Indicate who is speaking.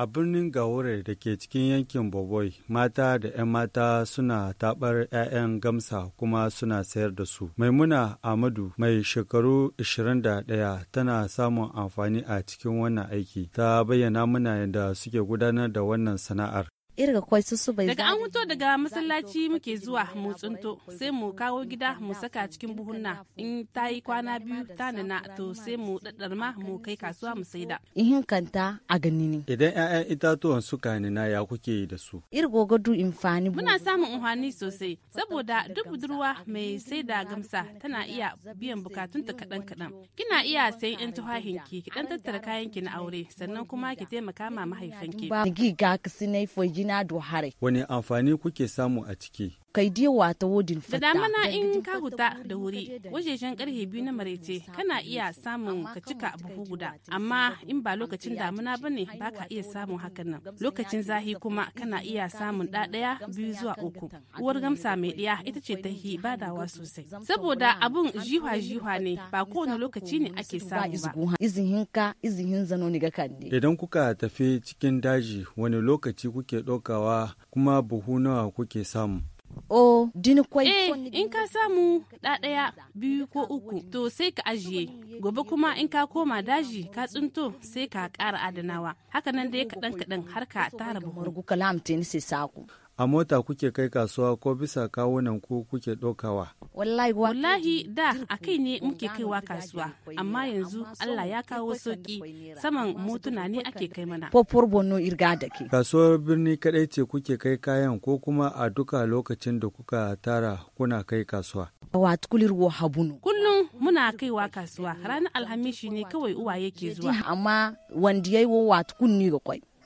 Speaker 1: A birnin Gawore da ke cikin yankin Boboi, mata da 'yan mata suna tabar 'ya'yan gamsa kuma suna sayar da su. Maimuna Amadu mai shekaru 21 tana samun amfani a cikin wannan aiki. Ta bayyana mana yadda suke gudanar da wannan sana'ar.
Speaker 2: irga kwai su su bai daga an wuto daga masallaci muke zuwa mu tsunto sai mu kawo gida mu saka cikin buhunna in ta yi kwana biyu ta nana to sai mu ma mu kai kasuwa mu saida
Speaker 1: in kanta a gani ne idan ƴaƴan itatuwan suka nina ya kuke da su
Speaker 2: irgo gadu infani muna samun umhani sosai saboda duk budurwa mai saida gamsa tana iya biyan bukatunta kadan-kadan kina iya sayan yan tuhahin ki ki dan tattara kayan ki na aure sannan kuma ki taimaka ma mahaifanki ba
Speaker 1: gi ga kisinai fojin na hari. Wani amfani kuke samu a ciki? kai dia
Speaker 2: wata wodin fata. Da damana in ka huta da wuri wajejen karfe biyu na maraice kana iya samun ka cika buhu guda amma in ba lokacin damuna bane baka iya samun hakan nan lokacin zahi kuma kana iya samun ɗaɗaya biyu zuwa uku uwar gamsa mai ɗaya ita ce ta hi badawa sosai saboda abun jiwa jiwa ne ba kowane lokaci ne ake samu ba. Izihin ka izihin zano ni ga
Speaker 1: Idan kuka tafi cikin daji wani lokaci kuke ɗaukawa kuma buhu nawa kuke samu.
Speaker 2: o dini kwai eh in ka samu da daya biyu ko uku to sai ka ajiye gobe kuma in ka koma daji ka tsunto sai ka ƙara adanawa haka nan dai kaɗan kaɗan har ka tara buhu
Speaker 1: a mota kuke kai kasuwa ko bisa kawunan ku kuke ɗaukawa.
Speaker 2: Wallahi da a kai ne muke kaiwa kasuwa amma yanzu Allah ya kawo sauki saman motuna ne ake kai mana. irga da ke.
Speaker 1: Kasuwar birni kaɗai ce kuke kai kayan ko kuma a duka lokacin da kuka tara kuna kai kasuwa. Kullum
Speaker 2: muna kaiwa kasuwa
Speaker 1: ranar alhamishi ne kawai uwaye ke zuwa.
Speaker 2: Amma wanda ya yi wa kunni ga kwai.